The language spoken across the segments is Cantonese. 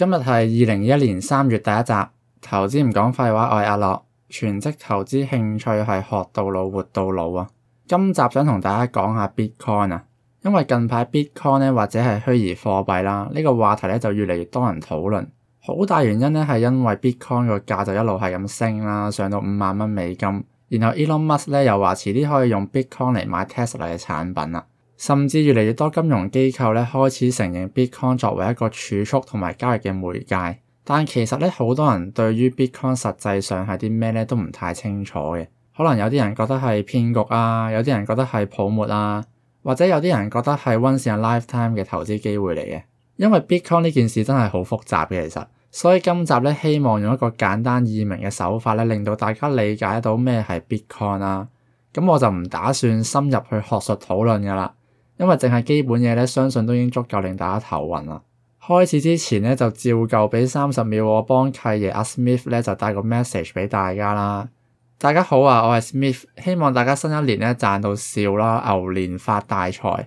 今日係二零二一年三月第一集，投資唔講廢話，我係阿樂，全職投資興趣係學到老活到老啊！今集想同大家講下 Bitcoin 啊，因為近排 Bitcoin 咧或者係虛擬貨幣啦，呢個話題咧就越嚟越多人討論，好大原因咧係因為 Bitcoin 個價就一路係咁升啦，上到五萬蚊美金，然後 Elon Musk 咧又話遲啲可以用 Bitcoin 嚟買 Tesla 嘅產品啦。甚至越嚟越多金融機構咧開始承認 Bitcoin 作為一個儲蓄同埋交易嘅媒介，但其實咧好多人對於 Bitcoin 實際上係啲咩咧都唔太清楚嘅。可能有啲人覺得係騙局啊，有啲人覺得係泡沫啊，或者有啲人覺得係 Once in a Lifetime 嘅投資機會嚟嘅。因為 Bitcoin 呢件事真係好複雜嘅，其實，所以今集咧希望用一個簡單易明嘅手法咧，令到大家理解到咩係 Bitcoin 啊。咁我就唔打算深入去學術討論噶啦。因為淨係基本嘢咧，相信都已經足夠令大家頭暈啦。開始之前咧，就照舊俾三十秒我幫契爺啊。阿 Smith 咧就帶個 message 俾大家啦。大家好啊，我係 Smith，希望大家新一年咧賺到笑啦，牛年發大財。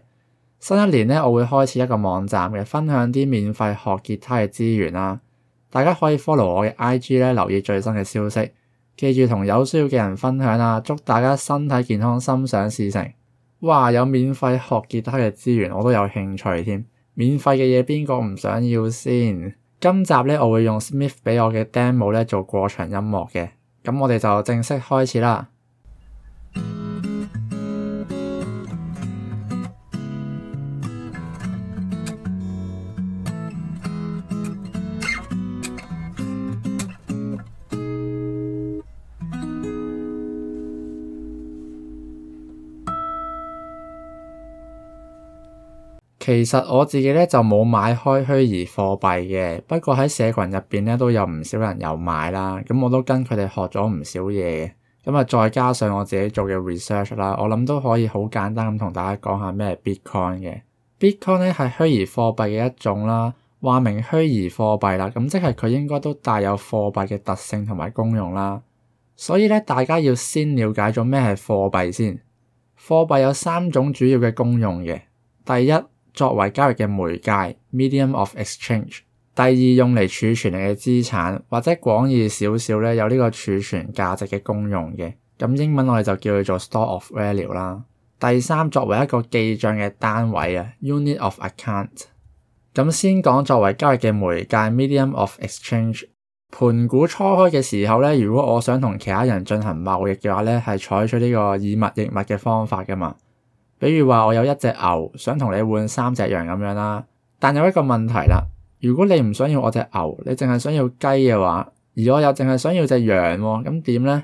新一年咧，我會開始一個網站嘅，分享啲免費學吉他嘅資源啦。大家可以 follow 我嘅 IG 咧，留意最新嘅消息。記住同有需要嘅人分享啊，祝大家身體健康，心想事成。哇！有免費學吉他嘅資源，我都有興趣添。免費嘅嘢邊個唔想要先？今集呢，我會用 Smith 俾我嘅 demo 咧做過場音樂嘅。咁我哋就正式開始啦。其實我自己咧就冇買開虛擬貨幣嘅，不過喺社群入邊咧都有唔少人有買啦，咁我都跟佢哋學咗唔少嘢，咁啊再加上我自己做嘅 research 啦，我諗都可以好簡單咁同大家講下咩係 Bitcoin 嘅。Bitcoin 咧係虛擬貨幣嘅一種啦，話明虛擬貨幣啦，咁即係佢應該都帶有貨幣嘅特性同埋功用啦。所以咧大家要先了解咗咩係貨幣先，貨幣有三種主要嘅功用嘅，第一，作為交易嘅媒介 （medium of exchange），第二，用嚟儲存你嘅資產，或者廣義少少咧有呢個儲存價值嘅功用嘅，咁英文我哋就叫佢做 store of value 啦。第三，作為一個記賬嘅單位啊 （unit of account）。咁先講作為交易嘅媒介 （medium of exchange）。盤古初開嘅時候咧，如果我想同其他人進行貿易嘅話咧，係採取呢個以物易物嘅方法㗎嘛。比如話，我有一隻牛，想同你換三隻羊咁樣啦。但有一個問題啦，如果你唔想要我隻牛，你淨係想要雞嘅話，而我又淨係想要隻羊喎，咁點咧？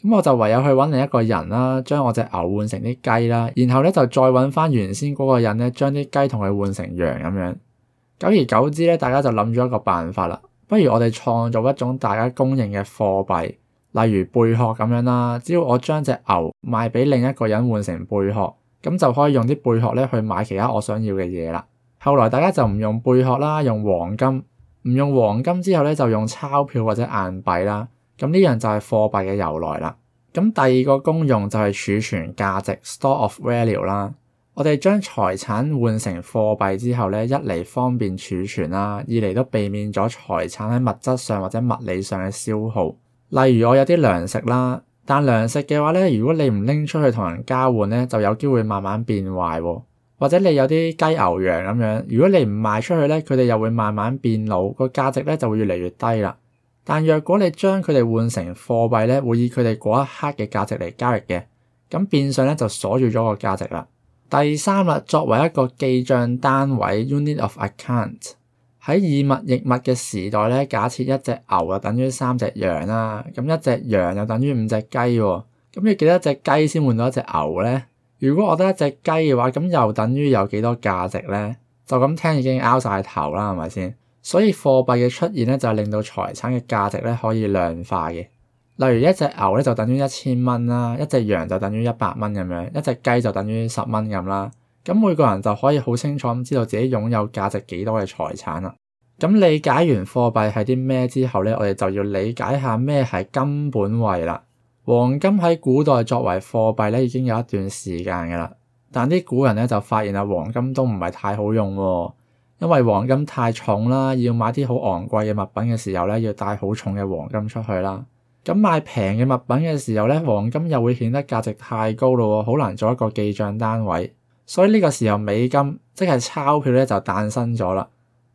咁我就唯有去搵另一個人啦，將我隻牛換成啲雞啦，然後咧就再搵返原先嗰個人咧，將啲雞同佢換成羊咁樣。久而久之咧，大家就諗咗一個辦法啦，不如我哋創造一種大家公認嘅貨幣，例如貝殼咁樣啦。只要我將隻牛賣俾另一個人換成貝殼。咁就可以用啲貝殼咧去買其他我想要嘅嘢啦。後來大家就唔用貝殼啦，用黃金。唔用黃金之後咧，就用鈔票或者硬幣啦。咁呢樣就係貨幣嘅由來啦。咁第二個功用就係儲存價值 （store of value） 啦。我哋將財產換成貨幣之後咧，一嚟方便儲存啦，二嚟都避免咗財產喺物質上或者物理上嘅消耗。例如我有啲糧食啦。但糧食嘅話咧，如果你唔拎出去同人交換咧，就有機會慢慢變壞。或者你有啲雞、牛、羊咁樣，如果你唔賣出去咧，佢哋又會慢慢變老，個價值咧就會越嚟越低啦。但若果你將佢哋換成貨幣咧，會以佢哋嗰一刻嘅價值嚟交易嘅，咁變相咧就鎖住咗個價值啦。第三啦，作為一個記賬單位 （unit of account）。喺以物易物嘅時代咧，假設一隻牛就等於三隻羊啦、啊，咁一隻羊就等於五隻雞喎、啊，咁要幾多隻雞先換到一隻牛咧？如果我得一隻雞嘅話，咁又等於有幾多價值咧？就咁聽已經拗晒頭啦，係咪先？所以貨幣嘅出現咧，就令到財產嘅價值咧可以量化嘅。例如一隻牛咧就等於一千蚊啦，一隻羊就等於一百蚊咁樣，一隻雞就等於十蚊咁啦。咁每個人就可以好清楚咁知道自己擁有價值幾多嘅財產啦。咁理解完貨幣係啲咩之後咧，我哋就要理解下咩係金本位啦。黃金喺古代作為貨幣咧，已經有一段時間嘅啦。但啲古人咧就發現啊，黃金都唔係太好用喎、哦，因為黃金太重啦，要買啲好昂貴嘅物品嘅時候咧，要帶好重嘅黃金出去啦。咁買平嘅物品嘅時候咧，黃金又會顯得價值太高咯，好難做一個記賬單位。所以呢個時候，美金即係鈔票咧，就誕生咗啦。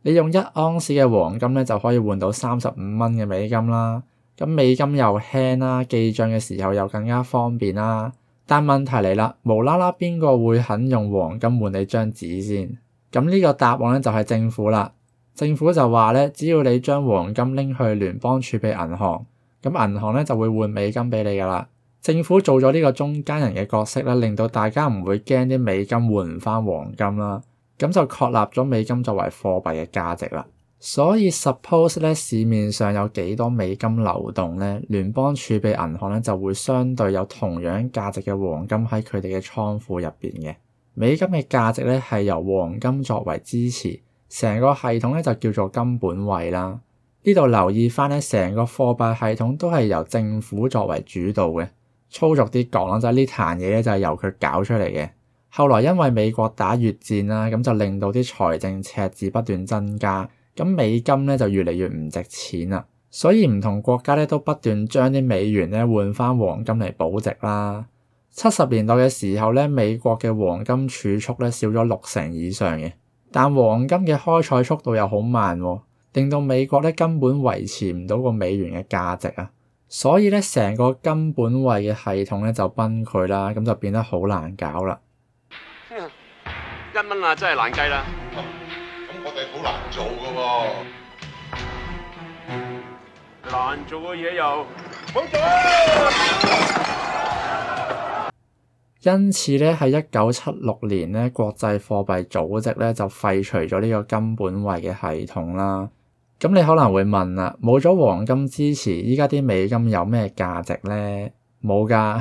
你用一盎司嘅黃金咧，就可以換到三十五蚊嘅美金啦。咁美金又輕啦，記帳嘅時候又更加方便啦。但問題嚟啦，無啦啦邊個會肯用黃金換你張紙先？咁呢個答案咧就係政府啦。政府就話咧，只要你將黃金拎去聯邦儲備銀行，咁銀行咧就會換美金俾你噶啦。政府做咗呢個中間人嘅角色啦，令到大家唔會驚啲美金換唔翻黃金啦。咁就確立咗美金作為貨幣嘅價值啦。所以 suppose 咧，市面上有幾多美金流動咧，聯邦儲備銀行咧就會相對有同樣價值嘅黃金喺佢哋嘅倉庫入邊嘅。美金嘅價值咧係由黃金作為支持，成個系統咧就叫做金本位啦。呢度留意返咧，成個貨幣系統都係由政府作為主導嘅，粗俗啲講啦，即係呢壇嘢咧就係、是、由佢搞出嚟嘅。後來因為美國打越戰啦，咁就令到啲財政赤字不斷增加，咁美金咧就越嚟越唔值錢啦。所以唔同國家咧都不斷將啲美元咧換翻黃金嚟保值啦。七十年代嘅時候咧，美國嘅黃金儲蓄咧少咗六成以上嘅，但黃金嘅開採速度又好慢喎，令到美國咧根本維持唔到個美元嘅價值啊。所以咧成個金本位嘅系統咧就崩潰啦，咁就變得好難搞啦。一蚊啊，真係難計啦！咁我哋好難做噶喎，啊，難做嘅嘢又冇得做 因此咧，喺一九七六年咧，國際貨幣組織咧就廢除咗呢個金本位嘅系統啦。咁你可能會問啦，冇咗黃金支持，依家啲美金有咩價值咧？冇噶，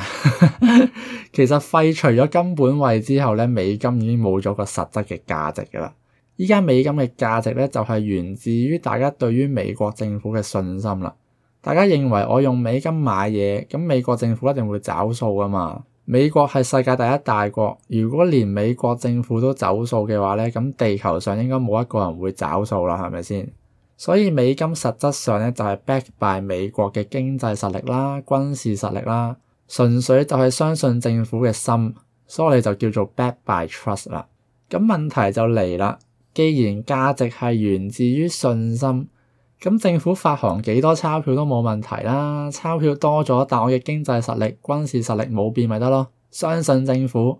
沒 其實廢除咗金本位之後咧，美金已經冇咗個實質嘅價值噶啦。依家美金嘅價值咧，就係、是、源自於大家對於美國政府嘅信心啦。大家認為我用美金買嘢，咁美國政府一定會找數噶嘛？美國係世界第一大國，如果連美國政府都走數嘅話咧，咁地球上應該冇一個人會找數啦，係咪先？所以美金實質上咧就係 back by 美國嘅經濟實力啦、軍事實力啦，純粹就係相信政府嘅心，所以就叫做 back by trust 啦。咁問題就嚟啦，既然價值係源自於信心，咁政府發行幾多鈔票都冇問題啦，鈔票多咗，但我嘅經濟實力、軍事實力冇變咪得咯，相信政府。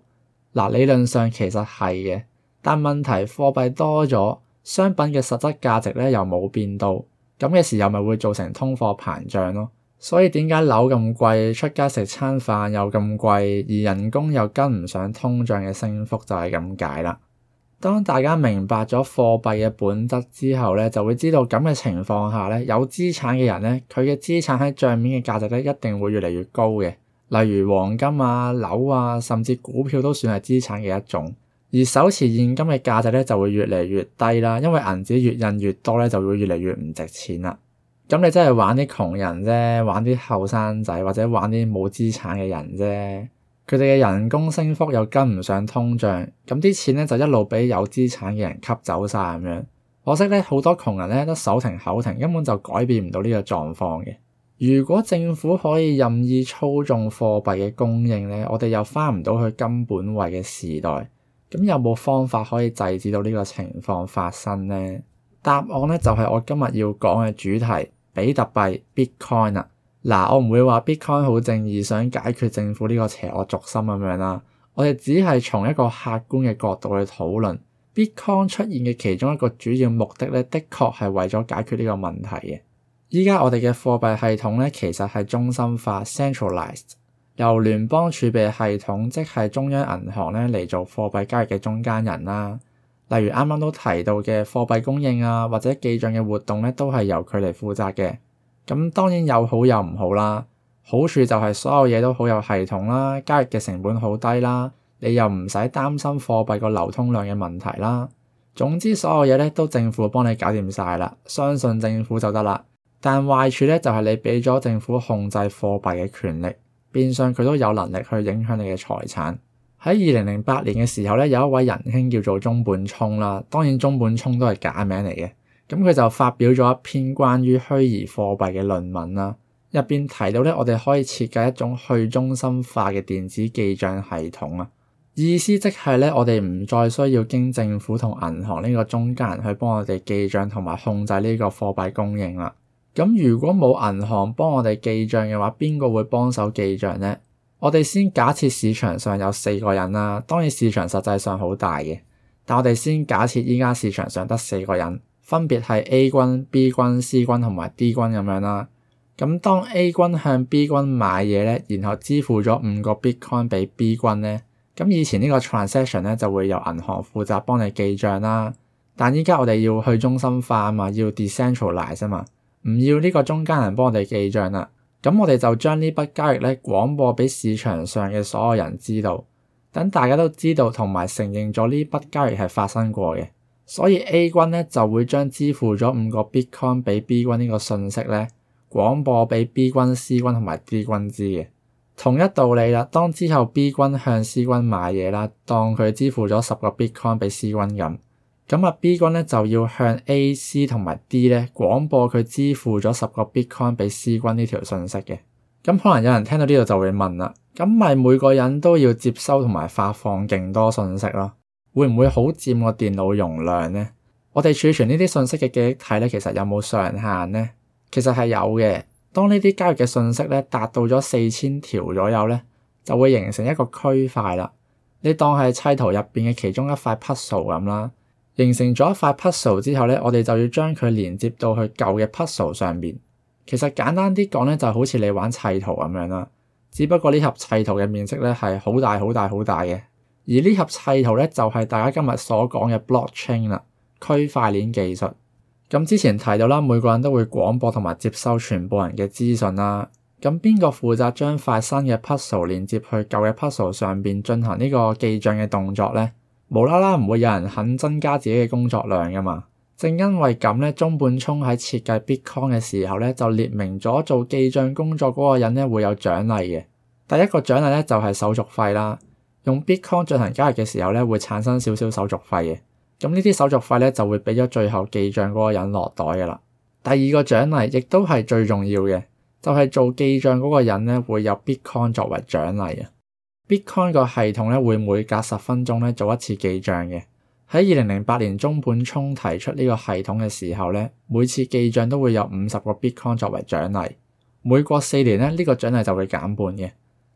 嗱，理論上其實係嘅，但問題貨幣多咗。商品嘅實質價值咧又冇變到，咁嘅時候又咪會造成通貨膨脹咯。所以點解樓咁貴，出街食餐飯又咁貴，而人工又跟唔上通脹嘅升幅就係咁解啦。當大家明白咗貨幣嘅本質之後咧，就會知道咁嘅情況下咧，有資產嘅人咧，佢嘅資產喺帳面嘅價值咧一定會越嚟越高嘅。例如黃金啊、樓啊，甚至股票都算係資產嘅一種。而手持現金嘅價值咧就會越嚟越低啦，因為銀紙越印越多咧，就會越嚟越唔值錢啦。咁你真係玩啲窮人啫，玩啲後生仔或者玩啲冇資產嘅人啫。佢哋嘅人工升幅又跟唔上通脹，咁啲錢咧就一路俾有資產嘅人吸走晒咁樣。可惜咧，好多窮人咧都手停口停，根本就改變唔到呢個狀況嘅。如果政府可以任意操縱貨幣嘅供應咧，我哋又翻唔到去金本位嘅時代。咁有冇方法可以制止到呢個情況發生呢？答案咧就係、是、我今日要講嘅主題——比特幣 （Bitcoin） 啊！嗱，我唔會話 Bitcoin 好正義，想解決政府呢個邪惡軸心咁樣啦。我哋只係從一個客觀嘅角度去討論 Bitcoin 出現嘅其中一個主要目的咧，的確係為咗解決呢個問題嘅。依家我哋嘅貨幣系統咧，其實係中心化 centralized 由聯邦儲備系統，即係中央銀行咧，嚟做貨幣交易嘅中間人啦。例如啱啱都提到嘅貨幣供應啊，或者記帳嘅活動咧，都係由佢嚟負責嘅。咁當然有好有唔好啦。好處就係所有嘢都好有系統啦，交易嘅成本好低啦，你又唔使擔心貨幣個流通量嘅問題啦。總之所有嘢咧都政府幫你搞掂晒啦，相信政府就得啦。但壞處咧就係你俾咗政府控制貨幣嘅權力。變相佢都有能力去影響你嘅財產。喺二零零八年嘅時候咧，有一位仁兄叫做中本聰啦，當然中本聰都係假名嚟嘅。咁佢就發表咗一篇關於虛擬貨幣嘅論文啦，入邊提到咧，我哋可以設計一種去中心化嘅電子記賬系統啊。意思即係咧，我哋唔再需要經政府同銀行呢個中間人去幫我哋記賬同埋控制呢個貨幣供應啦。咁如果冇銀行幫我哋記帳嘅話，邊個會幫手記帳呢？我哋先假設市場上有四個人啦。當然市場實際上好大嘅，但我哋先假設依家市場上得四個人，分別係 A 君、B 君、C 君同埋 D 君咁樣啦。咁當 A 君向 B 君買嘢呢，然後支付咗五個 Bitcoin 俾 B 君呢，咁以前呢個 transaction 呢就會由銀行負責幫你記帳啦。但依家我哋要去中心化啊嘛，要 decentralize 啊嘛。唔要呢個中間人幫我哋記帳啦，咁我哋就將呢筆交易咧廣播俾市場上嘅所有人知道，等大家都知道同埋承認咗呢筆交易係發生過嘅，所以 A 君咧就會將支付咗五個 Bitcoin 俾 B 君呢個信息咧廣播俾 B 君、C 君同埋 D 君知嘅。同一道理啦，當之後 B 君向 C 君買嘢啦，當佢支付咗十個 Bitcoin 俾 C 君咁。咁啊，B 君咧就要向 A、C 同埋 D 咧廣播佢支付咗十個 Bitcoin 俾 C 君呢條信息嘅。咁可能有人聽到呢度就會問啦，咁咪每個人都要接收同埋發放勁多信息咯，會唔會好佔個電腦容量咧？我哋儲存呢啲信息嘅記憶體咧，其實有冇上限咧？其實係有嘅。當呢啲交易嘅信息咧達到咗四千條左右咧，就會形成一個區塊啦。你當係砌圖入邊嘅其中一塊 puzzle 咁啦。形成咗一塊 puzzle 之後咧，我哋就要將佢連接到去舊嘅 puzzle 上面。其實簡單啲講咧，就好似你玩砌圖咁樣啦。只不過呢盒砌圖嘅面積咧係好大好大好大嘅，而呢盒砌圖咧就係大家今日所講嘅 blockchain 啦，區塊鏈技術。咁之前提到啦，每個人都會廣播同埋接收全部人嘅資訊啦。咁邊個負責將塊新嘅 puzzle 連接去舊嘅 puzzle 上邊進行呢個記帳嘅動作咧？無啦啦唔會有人肯增加自己嘅工作量噶嘛？正因為咁咧，中本聰喺設計 Bitcoin 嘅時候咧，就列明咗做記賬工作嗰個人咧會有獎勵嘅。第一個獎勵咧就係手續費啦，用 Bitcoin 進行交易嘅時候咧會產生少少手續費嘅。咁呢啲手續費咧就會俾咗最後記賬嗰個人落袋噶啦。第二個獎勵亦都係最重要嘅，就係做記賬嗰個人咧會有 Bitcoin 作為獎勵嘅。Bitcoin 個系統咧會每隔十分鐘咧做一次記賬嘅。喺二零零八年中本聰提出呢個系統嘅時候咧，每次記賬都會有五十個 Bitcoin 作為獎勵。每過四年咧，呢個獎勵就會減半嘅，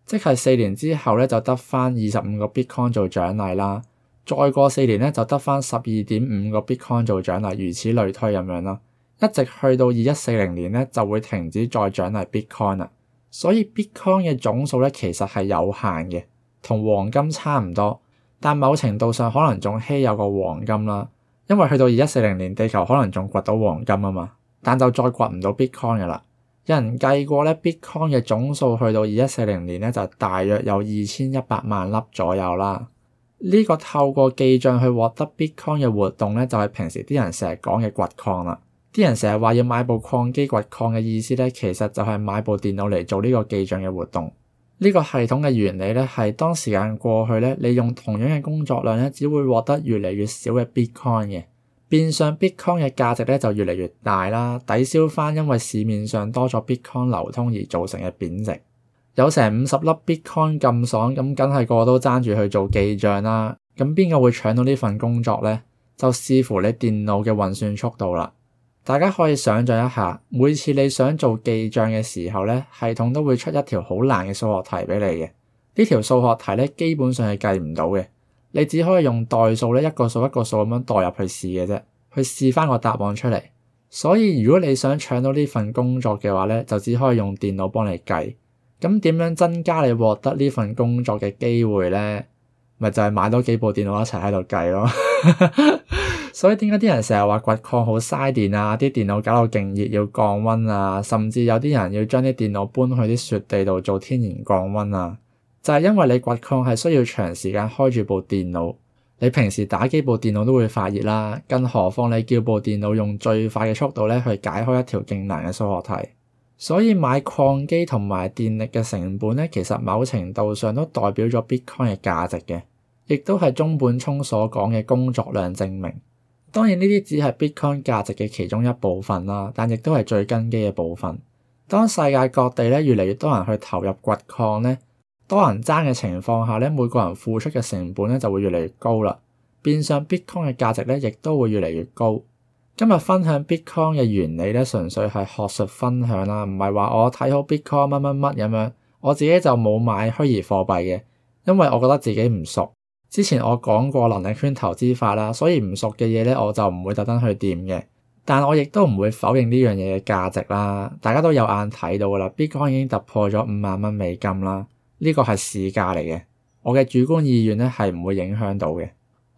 即係四年之後咧就得返二十五個 Bitcoin 做獎勵啦。再過四年咧就得返十二點五個 Bitcoin 做獎勵，如此類推咁樣咯，一直去到二一四零年咧就會停止再獎勵 Bitcoin 啦。所以 Bitcoin 嘅總數咧其實係有限嘅，同黃金差唔多，但某程度上可能仲稀有過黃金啦。因為去到二一四零年，地球可能仲掘到黃金啊嘛，但就再掘唔到 Bitcoin 嘅啦。有人計過咧，Bitcoin 嘅總數去到二一四零年咧，就大約有二千一百萬粒左右啦。呢個透過記帳去獲得 Bitcoin 嘅活動咧，就係平時啲人成日講嘅掘礦啦。啲人成日話要買部礦機掘礦嘅意思咧，其實就係買部電腦嚟做呢個記賬嘅活動。呢個系統嘅原理咧，係當時間過去咧，你用同樣嘅工作量咧，只會獲得越嚟越少嘅 Bitcoin 嘅，變相 Bitcoin 嘅價值咧就越嚟越大啦，抵消翻因為市面上多咗 Bitcoin 流通而造成嘅貶值。有成五十粒 Bitcoin 咁爽，咁梗係個個都爭住去做記賬啦。咁邊個會搶到呢份工作咧？就視乎你電腦嘅運算速度啦。大家可以想像一下，每次你想做記帳嘅時候咧，系統都會出一條好難嘅數學題俾你嘅。呢條數學題咧，基本上係計唔到嘅。你只可以用代數咧，一個數一個數咁樣代入去試嘅啫，去試返個答案出嚟。所以如果你想搶到呢份工作嘅話咧，就只可以用電腦幫你計。咁點樣增加你獲得呢份工作嘅機會咧？咪就係、是、買多幾部電腦一齊喺度計咯、啊。 所以點解啲人成日話掘礦好嘥電啊？啲電腦搞到勁熱要降溫啊，甚至有啲人要將啲電腦搬去啲雪地度做天然降溫啊。就係因為你掘礦係需要長時間開住部電腦，你平時打機部電腦都會發熱啦，更何況你叫部電腦用最快嘅速度咧去解開一條勁難嘅數學題。所以買礦機同埋電力嘅成本咧，其實某程度上都代表咗 Bitcoin 嘅價值嘅，亦都係中本聰所講嘅工作量證明。當然呢啲只係 Bitcoin 價值嘅其中一部分啦，但亦都係最根基嘅部分。當世界各地咧越嚟越多人去投入掘礦咧，多人爭嘅情況下咧，每個人付出嘅成本咧就會越嚟越高啦，變相 Bitcoin 嘅價值咧亦都會越嚟越高。今日分享 Bitcoin 嘅原理咧，純粹係學術分享啦，唔係話我睇好 Bitcoin 乜乜乜咁樣。我自己就冇買虛擬貨幣嘅，因為我覺得自己唔熟。之前我講過能力圈投資法啦，所以唔熟嘅嘢呢，我就唔會特登去掂嘅。但我亦都唔會否認呢樣嘢嘅價值啦。大家都有眼睇到噶啦，Bitcoin 已經突破咗五萬蚊美金啦，呢個係市價嚟嘅。我嘅主觀意願呢係唔會影響到嘅。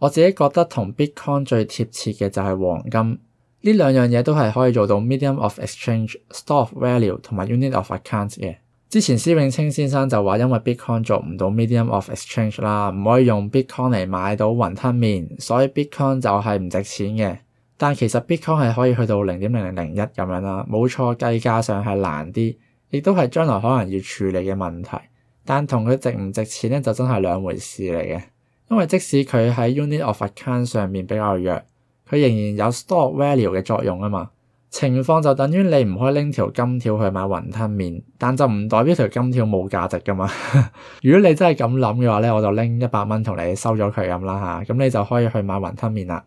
我自己覺得同 Bitcoin 最貼切嘅就係黃金，呢兩樣嘢都係可以做到 medium of exchange, store of value 同埋 unit of accounts 嘅。之前施永青先生就話，因為 Bitcoin 做唔到 medium of exchange 啦，唔可以用 Bitcoin 嚟買到雲吞麵，所以 Bitcoin 就係唔值錢嘅。但其實 Bitcoin 係可以去到零點零零零一咁樣啦，冇錯，計價上係難啲，亦都係將來可能要處理嘅問題。但同佢值唔值錢咧，就真係兩回事嚟嘅，因為即使佢喺 unit of account 上面比較弱，佢仍然有 store value 嘅作用啊嘛。情況就等於你唔可以拎條金條去買雲吞麵，但就唔代表條金條冇價值噶嘛。 如果你真係咁諗嘅話咧，我就拎一百蚊同你收咗佢咁啦吓，咁你就可以去買雲吞麵啦。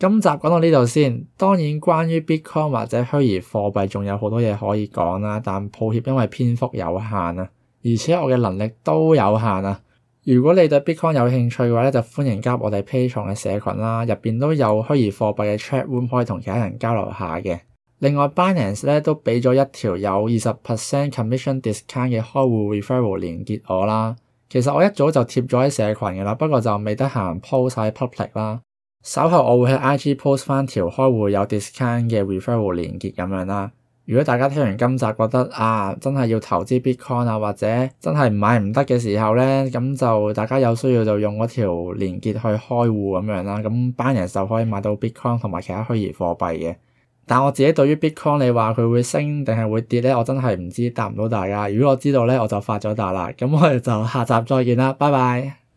今集講到呢度先，當然關於 Bitcoin 或者虛擬貨幣仲有好多嘢可以講啦，但抱歉因為篇幅有限啊，而且我嘅能力都有限啊。如果你對 Bitcoin 有興趣嘅話咧，就歡迎加入我哋 Patreon 嘅社群啦，入邊都有虛擬貨幣嘅 chat room 可以同其他人交流下嘅。另外，Binance 咧都俾咗一條有二十 percent commission discount 嘅開戶 referral 連結我啦。其實我一早就貼咗喺社群嘅啦，不過就未得閒 post 曬 public 啦。稍後我會喺 IG post 翻條開戶有 discount 嘅 referral 連結咁樣啦。如果大家聽完今集覺得啊，真係要投資 Bitcoin 啊，或者真係唔買唔得嘅時候咧，咁就大家有需要就用嗰條連結去開戶咁樣啦。咁 Binance 就可以買到 Bitcoin 同埋其他虛擬貨幣嘅。但我自己對於 Bitcoin，你話佢會升定係會跌咧，我真係唔知，答唔到大家。如果我知道咧，我就發咗達啦。咁我哋就下集再見啦，拜拜。